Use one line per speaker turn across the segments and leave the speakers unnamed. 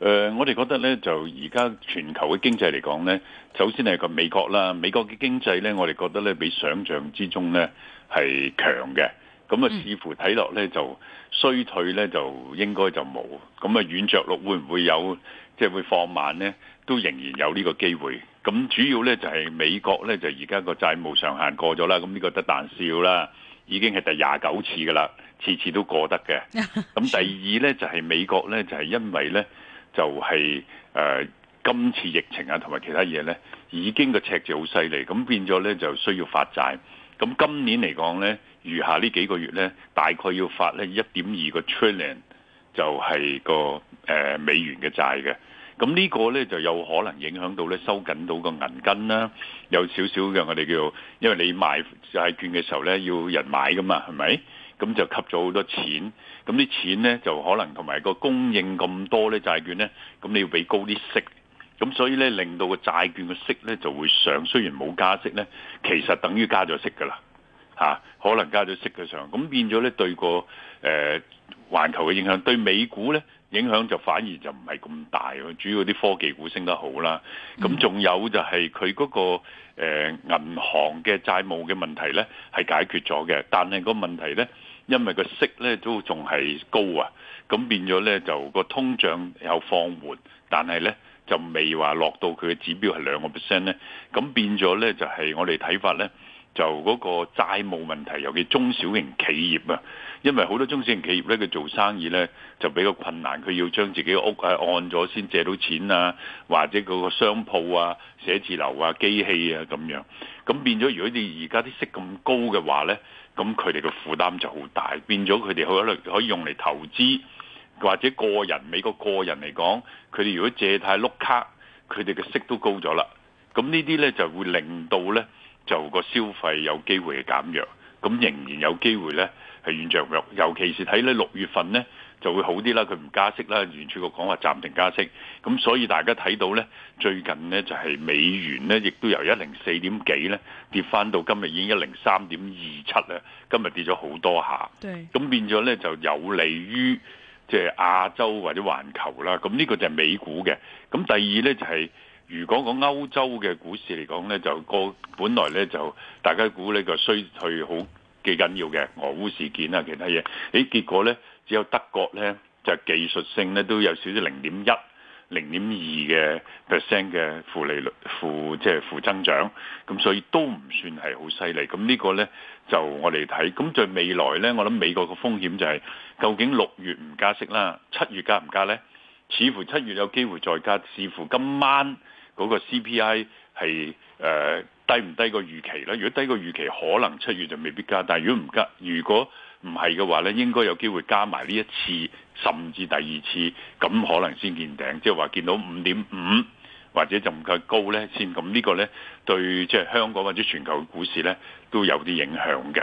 誒、uh，我哋覺得咧，就而家全球嘅經濟嚟講咧，首先係個美國啦。美國嘅經濟咧，我哋覺得咧，比想象之中咧係強嘅。咁啊，視乎睇落咧就衰退咧，就應該就冇。咁啊，軟着陸會唔會有即係、就是、會放慢咧？都仍然有呢個機會。咁主要咧就係、是、美國咧就而家個債務上限過咗啦。咁呢個得啖笑啦，已經係第廿九次㗎啦，次次都過得嘅。咁第二咧就係、是、美國咧就係、是、因為咧。就係、是、誒、呃、今次疫情啊，同埋其他嘢呢已經個赤字好犀利，咁變咗呢，就需要發債。咁今年嚟講呢，餘下呢幾個月呢，大概要發呢一點二個 trillion 就係個誒、呃、美元嘅債嘅。咁呢個呢，就有可能影響到呢，收緊到個銀根啦，有少少嘅，我哋叫做，因為你賣債券嘅時候呢，要人買㗎嘛，係咪？咁就吸咗好多錢，咁啲錢呢，就可能同埋個供應咁多呢債券呢，咁你要俾高啲息，咁所以呢，令到個債券個息呢，就會上，雖然冇加息呢，其實等於加咗息噶啦、啊，可能加咗息嘅上，咁變咗呢，對個誒、呃、環球嘅影響，對美股呢影響就反而就唔係咁大，主要啲科技股升得好啦，咁仲有就係佢嗰個誒、呃、銀行嘅債務嘅問題呢，係解決咗嘅，但係個問題呢。因為個息咧都仲係高啊，咁變咗咧就個通脹有放緩，但係咧就未話落到佢嘅指標係兩個 percent 咧，咁變咗咧就係我哋睇法咧，就嗰個債務問題，尤其中小型企業啊。因為好多中小型企業咧，佢做生意咧就比較困難，佢要將自己嘅屋按咗先借到錢啊，或者嗰個商鋪啊、寫字樓啊、機器啊咁樣，咁變咗如果你而家啲息咁高嘅話咧，咁佢哋嘅負擔就好大，變咗佢哋可能可以用嚟投資，或者個人，美國個人嚟講，佢哋如果借貸碌卡，佢哋嘅息都高咗啦，咁呢啲咧就會令到咧就個消費有機會減弱，咁仍然有機會咧。尤其是睇呢六月份呢，就會好啲啦，佢唔加息啦，聯儲局講話暫停加息，咁所以大家睇到呢，最近呢就係美元呢，亦都由一零四點幾呢跌返到今日已經一零三點二七啦，今日跌咗好多下，咁變咗呢就有利於即係亞洲或者環球啦，咁呢個就係美股嘅。咁第二呢，就係如果講歐洲嘅股市嚟講呢，就個本來呢，就大家估呢個衰退好。幾緊要嘅俄烏事件啊，其他嘢，誒、哎、結果咧，只有德國咧就是、技術性咧都有少少零點一、零點二嘅 percent 嘅負利率、負即係、就是、負增長，咁所以都唔算係好犀利。咁呢個咧就我哋睇，咁在未來咧，我諗美國嘅風險就係、是、究竟六月唔加息啦，七月加唔加咧？似乎七月有機會再加，似乎今晚嗰個 CPI 係誒。呃低唔低個預期咧？如果低個預期，可能七月就未必加。但如果唔加，如果唔係嘅話咧，應該有機會加埋呢一次，甚至第二次，咁可能先見頂，即係話見到五點五或者就唔夠高咧先。咁呢個咧對即係香港或者全球股市咧都有啲影響嘅。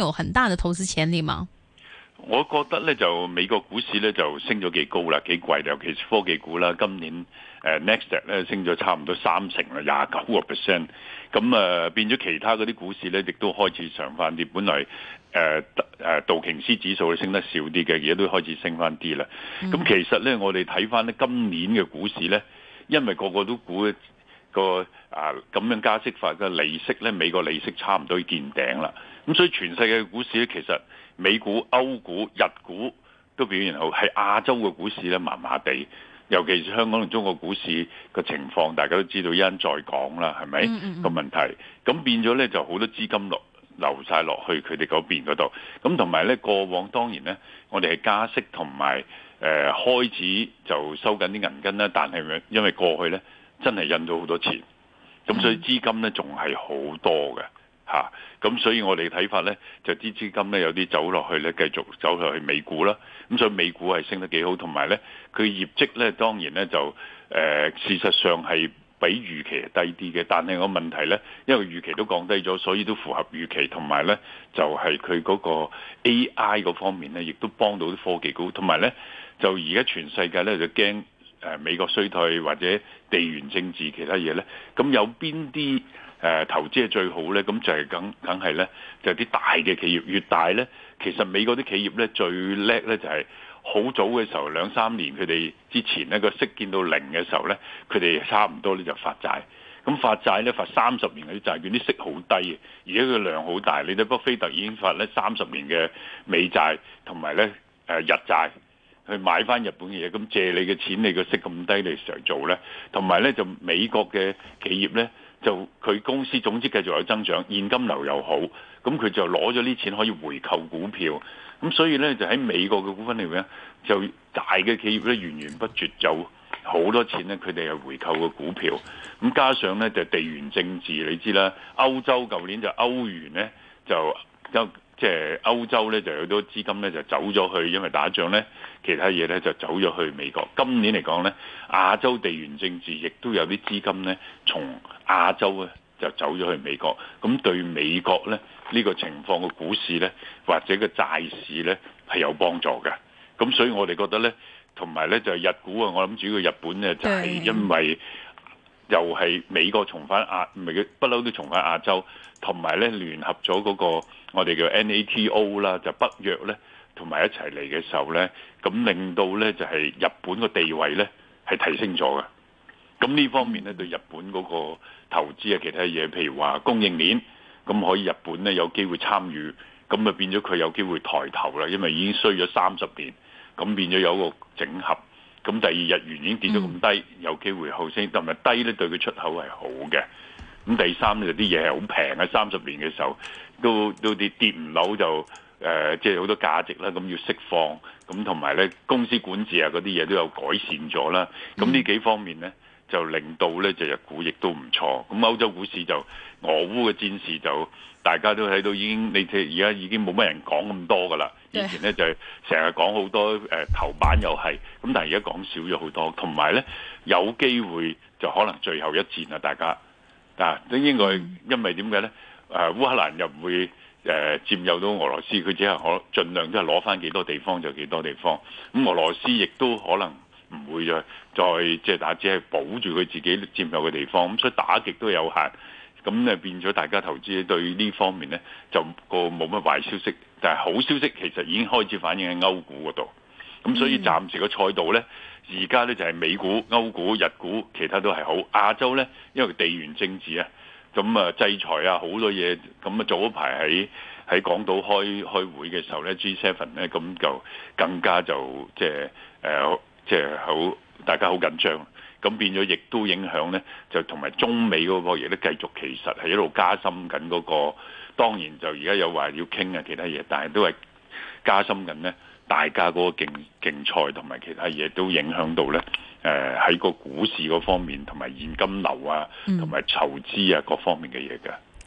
有很大的投資潛力嗎？
我覺得咧就美國股市咧就升咗幾高啦，幾貴啦，尤其是科技股啦。今年誒、呃、，Nasdaq 咧升咗差唔多三成啦，廿九個 percent。咁啊、呃，變咗其他嗰啲股市咧，亦都開始上翻啲。本嚟誒誒道瓊斯指數咧升得少啲嘅嘢，都開始升翻啲啦。咁、嗯、其實咧，我哋睇翻咧今年嘅股市咧，因為個個都估個啊咁樣加息法嘅利息咧，美國利息差唔多見頂啦。咁所以全世界嘅股市咧，其實美股、歐股、日股都表現好，喺亞洲嘅股市咧麻麻地，尤其是香港同中國股市個情況大家都知道，一陣再講啦，係咪個問題？咁、嗯嗯嗯、變咗咧，就好多資金落流晒落去佢哋嗰邊嗰度。咁同埋咧，過往當然咧，我哋係加息同埋誒開始就收緊啲銀根啦。但係因為過去咧真係印咗好多錢，咁所以資金咧仲係好多嘅。嚇、啊！咁所以我哋睇法呢，就啲資金呢，有啲走落去呢，繼續走落去美股啦。咁所以美股係升得幾好，同埋呢，佢業績呢，當然呢，就誒、呃、事實上係比預期低啲嘅。但係個問題呢，因為預期都降低咗，所以都符合預期。同埋呢，就係佢嗰個 AI 嗰方面呢，亦都幫到啲科技股。同埋呢，就而家全世界呢，就驚誒美國衰退或者地緣政治其他嘢呢。咁有邊啲？誒、啊、投資係最好咧，咁就係梗梗係咧，就係、是、啲大嘅企業，越大咧，其實美國啲企業咧最叻咧就係好早嘅時候，兩三年佢哋之前咧個息見到零嘅時候咧，佢哋差唔多咧就發債，咁發債咧發三十年嘅債券，啲息好低嘅，而家個量好大，你睇波菲特已經發咧三十年嘅美債同埋咧誒日債去買翻日本嘢，咁借你嘅錢，你個息咁低，你成日做咧，同埋咧就美國嘅企業咧。就佢公司總之繼續有增長，現金流又好，咁佢就攞咗啲錢可以回購股票，咁所以呢，就喺美國嘅股份裏面，呢，就大嘅企業呢源源不絕就好多錢呢。佢哋係回購個股票，咁加上呢，就地緣政治你知啦，歐洲舊年就歐元呢，就就。即係歐洲咧，就有好多資金咧就走咗去，因為打仗咧，其他嘢咧就走咗去美國。今年嚟講咧，亞洲地緣政治亦都有啲資金咧，從亞洲咧就走咗去美國。咁對美國咧呢個情況嘅股市咧，或者個債市咧係有幫助嘅。咁所以我哋覺得咧，同埋咧就係日股啊，我諗主要日本咧就係因為。又係美國重返亞，唔係不嬲都重返亞洲，同埋咧聯合咗嗰個我哋叫 NATO 啦，就北約咧，同埋一齊嚟嘅時候咧，咁令到咧就係、是、日本個地位咧係提升咗嘅。咁呢方面咧對日本嗰個投資啊，其他嘢，譬如話供應鏈，咁可以日本咧有機會參與，咁咪變咗佢有機會抬頭啦，因為已經衰咗三十年，咁變咗有個整合。咁第二日元已經跌到咁低，有機會後升。同埋低咧對佢出口係好嘅。咁第三咧就啲嘢係好平啊！三十年嘅時候都都跌跌唔到就即係好多價值啦。咁要釋放，咁同埋咧公司管治啊嗰啲嘢都有改善咗啦。咁呢幾方面咧。就令到呢就日股亦都唔錯。咁歐洲股市就俄烏嘅戰事就大家都睇到已經，你睇而家已經冇乜人講咁多㗎喇。以前呢，就係成日講好多誒、啊、頭版又係，咁但係而家講少咗好多。同埋呢，有機會就可能最後一戰喇！大家嗱，另、啊、外因為點解呢？誒、啊、烏克蘭又唔會誒、啊、佔有到俄羅斯，佢只係可盡量都係攞返幾多地方就幾多地方。咁俄羅斯亦都可能。唔會再再即係打，只係保住佢自己佔有嘅地方，咁所以打擊都有限。咁咧變咗大家投資對呢方面呢就個冇乜壞消息。但係好消息其實已經開始反映喺歐股嗰度。咁所以暫時個賽道呢，而家呢就係美股、歐股、日股，其他都係好。亞洲呢，因為地緣政治啊，咁啊制裁啊好多嘢。咁啊早一排喺喺港島開開會嘅時候呢 G7 呢，咁就更加就即係誒。就是呃即係好，大家好緊張，咁變咗亦都影響咧，就同埋中美嗰個嘢都繼續其實係一路加深緊嗰、那個。當然就而家有話要傾啊，其他嘢，但係都係加深緊咧，大家嗰個競競賽同埋其他嘢都影響到咧。喺、呃、個股市嗰方面同埋現金流啊，同埋籌資啊各方面嘅嘢嘅。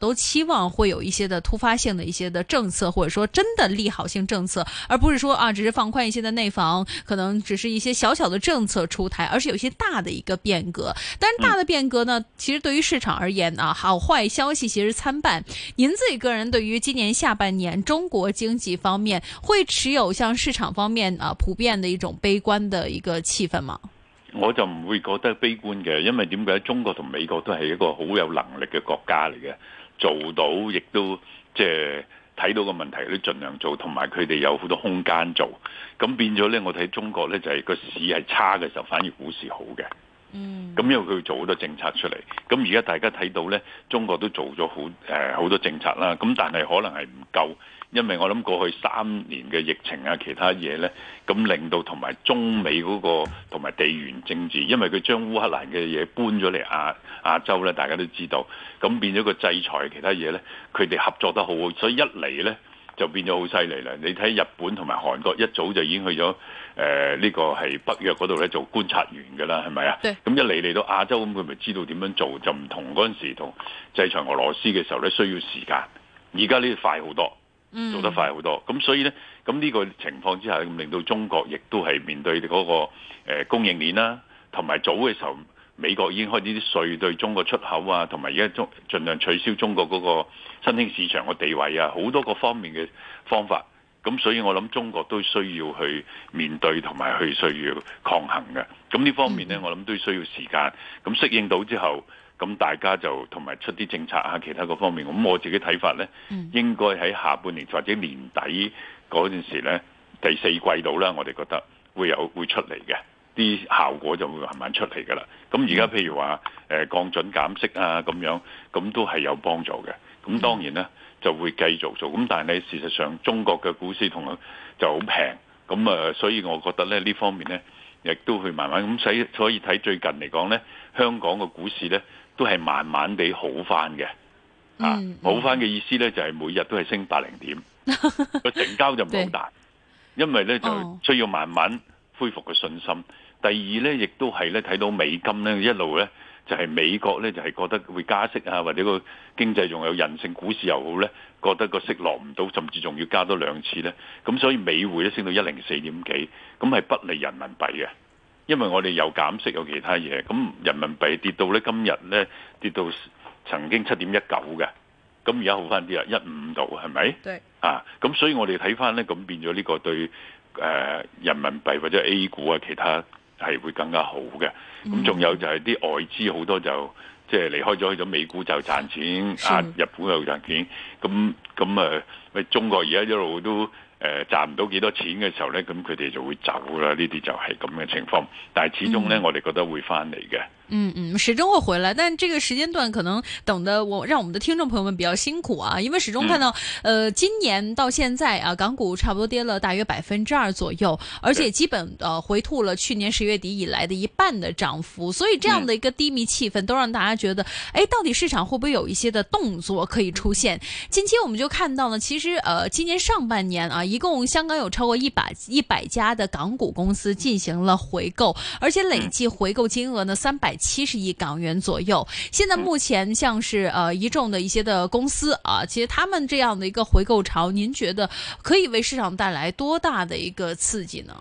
都期望會有一些的突發性的一些的政策，或者說真的利好性政策，而不是說啊，只是放寬一些的內房，可能只是一些小小的政策出台，而是有一些大的一個變革。但大的變革呢，其實對於市場而言啊，好壞消息其實參半。您自己個人對於今年下半年中國經濟方面，會持有像市場方面啊普遍的一種悲觀的一個氣氛嗎？
我就唔會覺得悲觀嘅，因為點解中國同美國都係一個好有能力嘅國家嚟嘅。做到，亦都即係睇到個問題都盡量做，同埋佢哋有好多空間做。咁變咗呢，我睇中國呢就係個市係差嘅時候，反而股市好嘅。嗯。咁因為佢做好多政策出嚟。咁而家大家睇到呢，中國都做咗好誒好多政策啦。咁但係可能係唔夠。因為我諗過去三年嘅疫情啊，其他嘢呢，咁令到同埋中美嗰個同埋地緣政治，因為佢將烏克蘭嘅嘢搬咗嚟亞亞洲呢，大家都知道，咁變咗個制裁其他嘢呢，佢哋合作得好好，所以一嚟呢就變咗好犀利啦。你睇日本同埋韓國一早就已經去咗誒呢個係北約嗰度呢做觀察員㗎啦，係咪啊？對。咁一嚟嚟到亞洲咁，佢咪知道點樣做？就唔同嗰陣時同制裁俄羅斯嘅時候呢，需要時間。而家呢，快好多。嗯、做得快好多，咁所以呢，咁呢個情況之下，咁令到中國亦都係面對嗰個供應鏈啦、啊，同埋早嘅時候美國已經開始啲稅對中國出口啊，同埋而家中儘量取消中國嗰個新興市場嘅地位啊，好多個方面嘅方法，咁所以我諗中國都需要去面對同埋去需要抗衡嘅，咁呢方面呢，我諗都需要時間，咁適應到之後。咁大家就同埋出啲政策啊，其他各方面，咁我自己睇法咧、嗯，應該喺下半年或者年底嗰陣時咧，第四季度啦，我哋覺得會有會出嚟嘅，啲效果就會慢慢出嚟噶啦。咁而家譬如話誒、呃、降準減息啊咁樣，咁都係有幫助嘅。咁當然呢就會繼續做。咁但係呢事實上中國嘅股市同就好平，咁啊，所以我覺得咧呢方面咧，亦都去慢慢咁使。所以睇最近嚟講咧，香港嘅股市咧。都係慢慢地好翻嘅，嗯，啊好翻嘅意思呢，就係、是、每日都係升百零點，個 成交就唔好大，因為呢就需要慢慢恢復個信心，哦。第二呢，亦都係呢睇到美金呢一路呢，就係、是、美國呢，就係、是、覺得會加息啊，或者個經濟仲有韌性，股市又好呢，覺得個息落唔到，甚至仲要加多兩次呢。咁所以美匯呢，升到一零四點幾，咁係不利人民幣嘅。因為我哋有減息，有其他嘢，咁人民幣跌到咧，今日咧跌到曾經七點一九嘅，咁而家好翻啲啦，一五度係咪？對，啊，咁所以我哋睇翻咧，咁變咗呢個對誒、呃、人民幣或者 A 股啊，其他係會更加好嘅。咁仲有就係啲外資好多就即係、嗯就是、離開咗去咗美股就賺錢，啊，日本又賺錢，咁咁誒，中國而家一路都。呃賺唔到幾多錢嘅時候呢，咁佢哋就會走啦。呢啲就係咁嘅情況，但係始終呢，嗯、我哋覺得會翻嚟嘅。
嗯嗯，始終會回來，但係這個時間段可能等得我讓我們的聽眾朋友們比較辛苦啊，因為始終看到、嗯呃，今年到現在啊，港股差不多跌了大約百分之二左右，而且基本、嗯、呃回吐了去年十月底以來的一半的漲幅，所以這樣的一個低迷氣氛都讓大家覺得、嗯欸，到底市場會唔會有一些的動作可以出現？近期我們就看到呢，其實呃今年上半年啊。一共香港有超過一百一百家的港股公司進行了回購，而且累計回購金額呢、嗯、三百七十億港元左右。現在目前像是呃一眾的一些的公司、嗯、啊，其實他們這樣的一個回購潮，您覺得可以為市場帶來多大的一個刺激呢？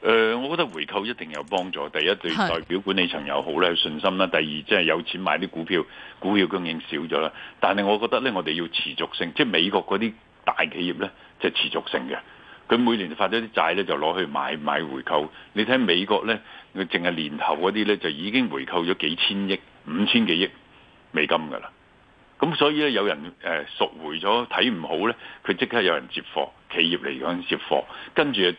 呃，我覺得回購一定有幫助。第一，對代表管理層有好咧信心啦；第二，即係有錢買啲股票，股票供應少咗啦。但係我覺得呢，我哋要持續性，即係美國嗰啲大企業咧。即係持續性嘅，佢每年發咗啲債呢，就攞去買買回購。你睇美國呢，佢淨係年頭嗰啲呢，就已經回購咗幾千億、五千幾億美金㗎啦。咁所以呢，有人誒贖回咗，睇唔好呢，佢即刻有人接貨。企業嚟講接貨，跟住誒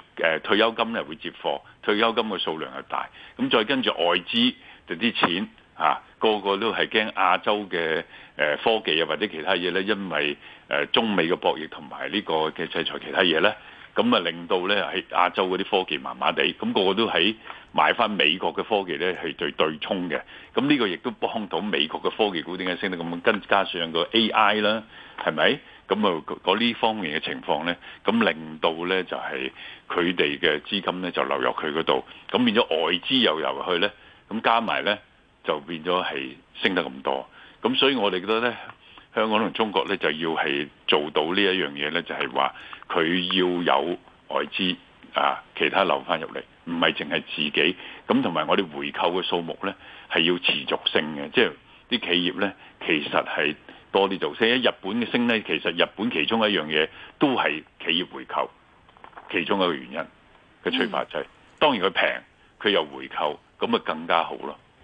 退休金呢，會接貨，退休金嘅數量又大，咁再跟住外資就啲錢。啊！個個都係驚亞洲嘅誒、呃、科技啊，或者其他嘢咧，因為誒、呃、中美嘅博弈同埋呢個嘅制裁其他嘢咧，咁啊令到咧喺亞洲嗰啲科技麻麻地，咁、那個個都喺買翻美國嘅科技咧係對對沖嘅，咁呢個亦都幫到美國嘅科技股點解升得咁？跟加上那個 AI 啦，係咪？咁啊，嗰呢方面嘅情況咧，咁令到咧就係佢哋嘅資金咧就流入佢嗰度，咁變咗外資又入去咧，咁加埋咧。就變咗係升得咁多，咁所以我哋覺得咧，香港同中國咧就要係做到一呢一樣嘢咧，就係話佢要有外資啊，其他流翻入嚟，唔係淨係自己。咁同埋我哋回購嘅數目咧，係要持續性嘅，即係啲企業咧其實係多啲做。所以日本嘅升咧，其實日本其中一樣嘢都係企業回購其中一個原因嘅催化劑，就係，當然佢平，佢又回購，咁咪更加好咯。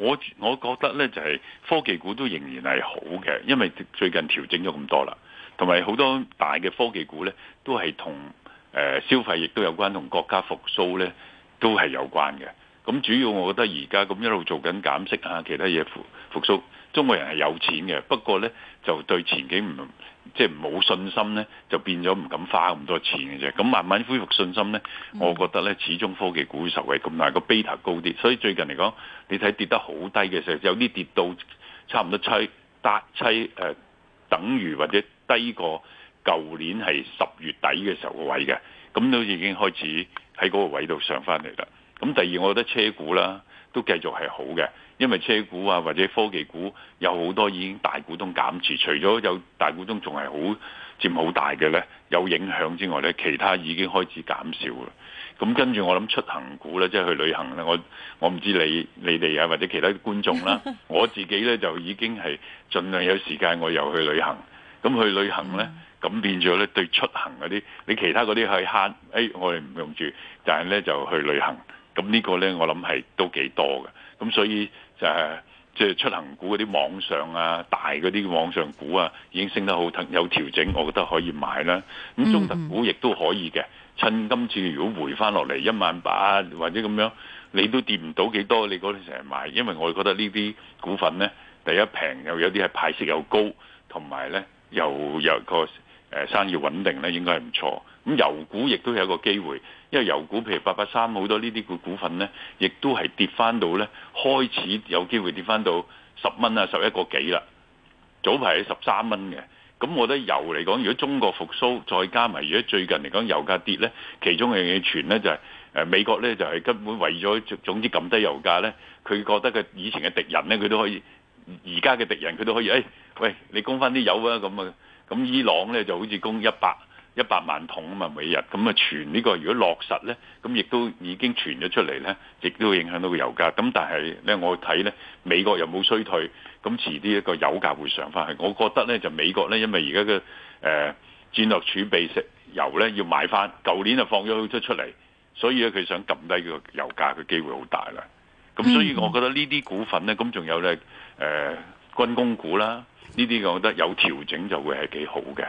我我覺得呢，就係科技股都仍然係好嘅，因為最近調整咗咁多啦，同埋好多大嘅科技股呢，都係同誒消費亦都有關，同國家復甦呢，都係有關嘅。咁主要我覺得而家咁一路做緊減息啊，其他嘢復復甦。中國人係有錢嘅，不過呢，就對前景唔即係冇信心呢，就變咗唔敢花咁多錢嘅啫。咁慢慢恢復信心呢，我覺得呢始終科技股受惠咁大，個 beta 高啲，所以最近嚟講，你睇跌得好低嘅時候，有啲跌到差唔多七八七誒，等於或者低過舊年係十月底嘅時候個位嘅，咁都已經開始喺嗰個位度上翻嚟啦。咁第二，我覺得車股啦。都繼續係好嘅，因為車股啊或者科技股有好多已經大股東減持，除咗有大股東仲係好佔好大嘅呢，有影響之外呢，其他已經開始減少啦。咁跟住我諗出行股呢，即係去旅行呢，我我唔知你你哋啊或者其他觀眾啦，我自己呢就已經係儘量有時間我又去旅行。咁去旅行呢，咁 變咗呢對出行嗰啲，你其他嗰啲去慳，誒我哋唔用住，但係呢就去旅行。咁呢個呢，我諗係都幾多嘅。咁所以就係即係出行股嗰啲網上啊，大嗰啲網上股啊，已經升得好，有調整，我覺得可以買啦。咁中特股亦都可以嘅。趁今次如果回翻落嚟一萬八或者咁樣，你都跌唔到幾多，你嗰啲成日買，因為我覺得呢啲股份呢，第一平又有啲係派息又高，同埋呢又有，有個誒生意穩定呢，應該係唔錯。咁油股亦都係一個機會，因為油股譬如八八三好多呢啲股股份呢，亦都係跌翻到呢，開始有機會跌翻到十蚊啊，十一個幾啦。早排係十三蚊嘅，咁我覺得油嚟講，如果中國復甦，再加埋如果最近嚟講油價跌呢，其中一樣嘢存呢，就係美國呢，就係根本為咗總之撳低油價呢，佢覺得佢以前嘅敵人呢，佢都可以，而家嘅敵人佢都可以、哎、喂你供翻啲油啊咁啊，咁伊朗呢就好似供一百一百萬桶啊嘛，每日咁啊存呢個，如果落實呢，咁亦都已經存咗出嚟呢，亦都會影響到個油價。咁但係呢，我睇呢美國又冇衰退，咁遲啲一個油價會上翻去。我覺得呢，就美國呢，因為而家嘅誒戰略儲備石油呢，要買翻，舊年就放咗出出嚟，所以咧佢想撳低個油價嘅機會好大啦。
咁所以我
覺得呢啲股份呢，咁仲有呢誒、呃、軍工股啦，呢啲我覺得有調整就會係幾好嘅。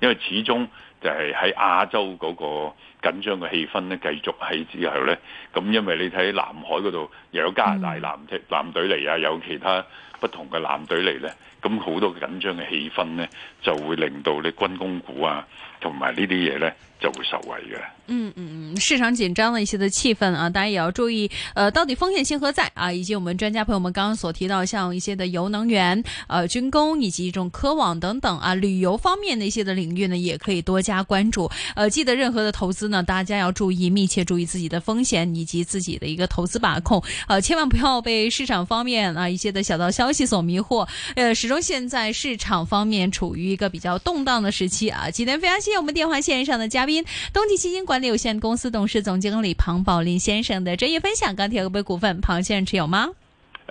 因為始終就係喺亞洲嗰個緊張嘅氣氛咧繼續喺之後咧，咁因為你睇南海嗰度又有加拿大藍隊藍隊嚟啊，有其他不同嘅藍隊嚟咧，咁好多緊張嘅氣氛咧就會令到你軍工股啊。同埋呢啲嘢呢，就會受惠嘅。嗯
嗯嗯，市場緊張的一些的氣氛啊，大家也要注意。呃，到底風險性何在啊？以及我們專家朋友，我們剛剛所提到，像一些的油能源、呃軍工以及一種科網等等啊，旅遊方面的一些的領域呢，也可以多加關注。呃，記得任何的投資呢，大家要注意，密切注意自己的風險以及自己的一個投資把控。呃，千萬不要被市場方面啊一些的小道消息所迷惑。呃，始終現在市場方面處於一個比較動盪的時期啊。今天非常。謝謝我們電話線上的嘉賓，冬季基金管理有限公司董事總經理龐寶林先生的專業分享。鋼鐵有冇股份股份，龐先生持有嗎？
誒、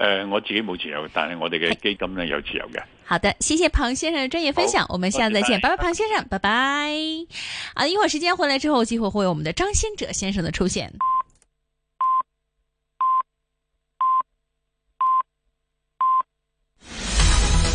呃，我自己冇持有，但係我哋嘅基金呢有持有嘅。
好的，謝謝龐先生的專業分享，我們下次再見，拜拜，龐先生，拜拜。啊，一會兒時間回來之後，機會會有我們的張先哲先生的出現。